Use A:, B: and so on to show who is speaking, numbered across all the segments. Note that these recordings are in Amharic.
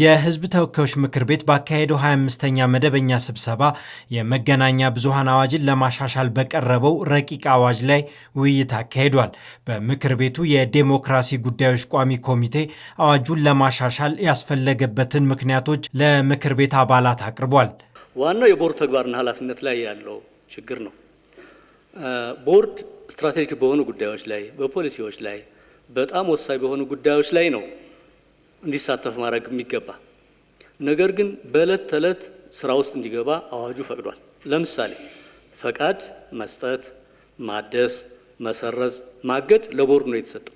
A: የህዝብ ተወካዮች ምክር ቤት ባካሄደው 25ኛ መደበኛ ስብሰባ የመገናኛ ብዙሃን አዋጅን ለማሻሻል በቀረበው ረቂቅ አዋጅ ላይ ውይይት አካሂዷል። በምክር ቤቱ የዴሞክራሲ ጉዳዮች ቋሚ ኮሚቴ አዋጁን ለማሻሻል ያስፈለገበትን ምክንያቶች ለምክር ቤት አባላት አቅርቧል።
B: ዋናው የቦርድ ተግባርና ኃላፊነት ላይ ያለው ችግር ነው። ቦርድ ስትራቴጂክ በሆኑ ጉዳዮች ላይ፣ በፖሊሲዎች ላይ፣ በጣም ወሳኝ በሆኑ ጉዳዮች ላይ ነው እንዲሳተፍ ማድረግ የሚገባ ነገር ግን በዕለት ተዕለት ስራ ውስጥ እንዲገባ አዋጁ ፈቅዷል። ለምሳሌ ፈቃድ መስጠት፣ ማደስ፣ መሰረዝ፣ ማገድ ለቦርድ ነው የተሰጠው።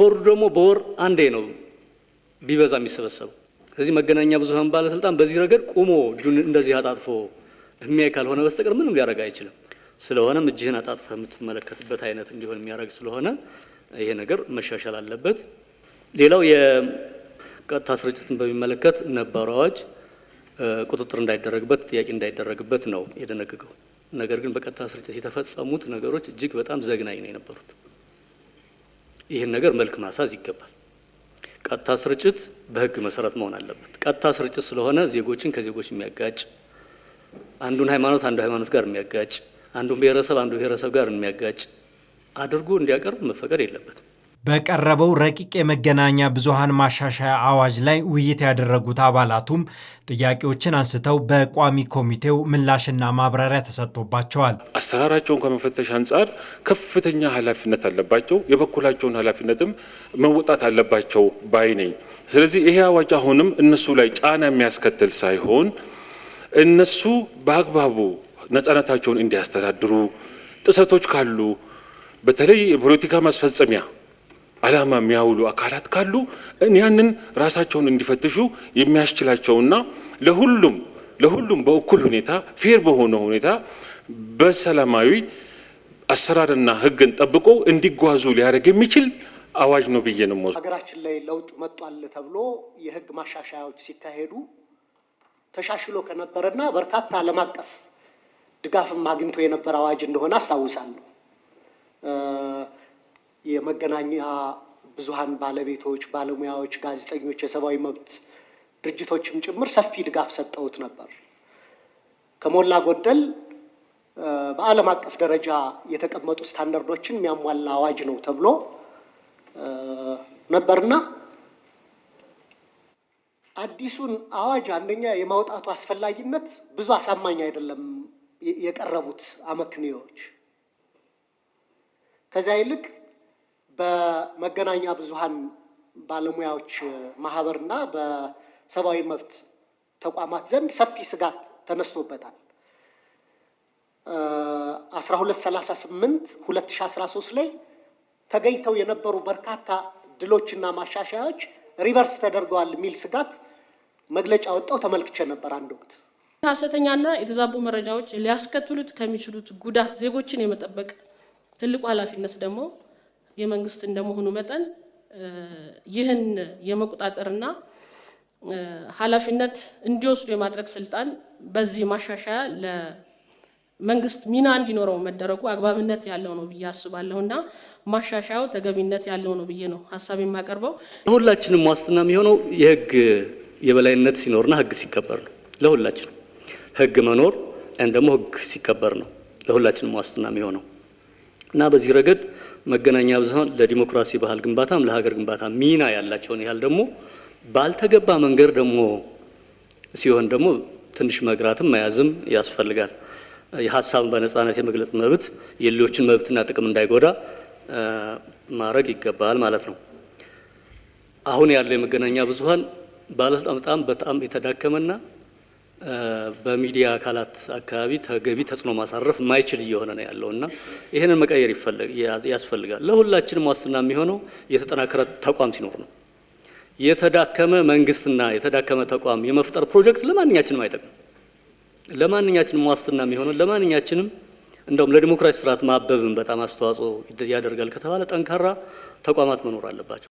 B: ቦርዱ ደግሞ በወር አንዴ ነው ቢበዛ የሚሰበሰበው። ከዚህ መገናኛ ብዙሃን ባለስልጣን በዚህ ረገድ ቁሞ እጁን እንደዚህ አጣጥፎ የሚያይ ካልሆነ በስተቀር ምንም ሊያደርግ አይችልም። ስለሆነም እጅህን አጣጥፈ የምትመለከትበት አይነት እንዲሆን የሚያደርግ ስለሆነ ይሄ ነገር መሻሻል አለበት። ሌላው የቀጥታ ስርጭትን በሚመለከት ነባሩ አዋጅ ቁጥጥር እንዳይደረግበት ጥያቄ እንዳይደረግበት ነው የደነገገው። ነገር ግን በቀጥታ ስርጭት የተፈጸሙት ነገሮች እጅግ በጣም ዘግናኝ ነው የነበሩት። ይህን ነገር መልክ ማሳዝ ይገባል። ቀጥታ ስርጭት በህግ መሰረት መሆን አለበት። ቀጥታ ስርጭት ስለሆነ ዜጎችን ከዜጎች የሚያጋጭ አንዱን ሃይማኖት አንዱ ሃይማኖት ጋር የሚያጋጭ አንዱን ብሔረሰብ አንዱ ብሔረሰብ ጋር የሚያጋጭ አድርጎ እንዲያቀርብ መፈቀድ የለበትም።
A: በቀረበው ረቂቅ የመገናኛ ብዙሃን ማሻሻያ አዋጅ ላይ ውይይት ያደረጉት አባላቱም ጥያቄዎችን አንስተው በቋሚ ኮሚቴው ምላሽና ማብራሪያ ተሰጥቶባቸዋል።
C: አሰራራቸውን ከመፈተሽ አንጻር ከፍተኛ ኃላፊነት አለባቸው፣ የበኩላቸውን ኃላፊነትም መወጣት አለባቸው ባይ ነኝ። ስለዚህ ይሄ አዋጅ አሁንም እነሱ ላይ ጫና የሚያስከትል ሳይሆን እነሱ በአግባቡ ነጻነታቸውን እንዲያስተዳድሩ ጥሰቶች ካሉ በተለይ የፖለቲካ ማስፈጸሚያ አላማ የሚያውሉ አካላት ካሉ ያንን ራሳቸውን እንዲፈትሹ የሚያስችላቸውና ለሁሉም ለሁሉም በእኩል ሁኔታ ፌር በሆነ ሁኔታ በሰላማዊ አሰራርና ሕግን ጠብቆ እንዲጓዙ ሊያደርግ የሚችል አዋጅ ነው ብዬ ነው
D: ሀገራችን ላይ ለውጥ መጧል ተብሎ የሕግ ማሻሻያዎች ሲካሄዱ ተሻሽሎ ከነበረና በርካታ ዓለም አቀፍ ድጋፍም አግኝቶ የነበረ አዋጅ እንደሆነ አስታውሳለሁ። የመገናኛ ብዙሃን ባለቤቶች፣ ባለሙያዎች፣ ጋዜጠኞች፣ የሰብአዊ መብት ድርጅቶችም ጭምር ሰፊ ድጋፍ ሰጠውት ነበር። ከሞላ ጎደል በዓለም አቀፍ ደረጃ የተቀመጡ ስታንዳርዶችን የሚያሟላ አዋጅ ነው ተብሎ ነበርና አዲሱን አዋጅ አንደኛ የማውጣቱ አስፈላጊነት ብዙ አሳማኝ አይደለም የቀረቡት አመክንዮዎች ከዚያ ይልቅ በመገናኛ ብዙሃን ባለሙያዎች ማህበርና በሰብአዊ መብት ተቋማት ዘንድ ሰፊ ስጋት ተነስቶበታል። 1238 2013 ላይ ተገኝተው የነበሩ በርካታ ድሎችና ማሻሻያዎች ሪቨርስ ተደርገዋል የሚል ስጋት መግለጫ ወጣው ተመልክቼ ነበር። አንድ ወቅት
E: ሐሰተኛና የተዛቡ መረጃዎች ሊያስከትሉት ከሚችሉት ጉዳት ዜጎችን የመጠበቅ ትልቁ ኃላፊነት ደግሞ የመንግስት እንደመሆኑ መጠን ይህን የመቆጣጠርና ኃላፊነት እንዲወስዱ የማድረግ ስልጣን በዚህ ማሻሻያ ለመንግስት ሚና እንዲኖረው መደረጉ አግባብነት ያለው ነው ብዬ አስባለሁ እና ማሻሻያው ተገቢነት ያለው ነው ብዬ ነው ሀሳብ የማቀርበው።
B: ለሁላችንም ዋስትና የሚሆነው የህግ የበላይነት ሲኖርና ህግ ሲከበር ነው። ለሁላችንም ህግ መኖር ደግሞ ህግ ሲከበር ነው ለሁላችንም ዋስትና የሚሆነው። እና በዚህ ረገድ መገናኛ ብዙሃን ለዲሞክራሲ ባህል ግንባታም ለሀገር ግንባታ ሚና ያላቸውን ያህል ደግሞ ባልተገባ መንገድ ደግሞ ሲሆን ደግሞ ትንሽ መግራትም መያዝም ያስፈልጋል። የሀሳብ በነጻነት የመግለጽ መብት የሌሎችን መብትና ጥቅም እንዳይጎዳ ማድረግ ይገባል ማለት ነው። አሁን ያለው የመገናኛ ብዙሃን ባለስልጣን በጣም በጣም የተዳከመና በሚዲያ አካላት አካባቢ ተገቢ ተጽዕኖ ማሳረፍ ማይችል እየሆነ ነው ያለው እና ይህንን መቀየር ያስፈልጋል። ለሁላችንም ዋስትና የሚሆነው የተጠናከረ ተቋም ሲኖር ነው። የተዳከመ መንግስትና የተዳከመ ተቋም የመፍጠር ፕሮጀክት ለማንኛችንም አይጠቅም። ለማንኛችንም ዋስትና የሚሆነው ለማንኛችንም እንደውም ለዲሞክራሲ ስርዓት ማበብን በጣም አስተዋጽኦ ያደርጋል ከተባለ ጠንካራ ተቋማት መኖር አለባቸው።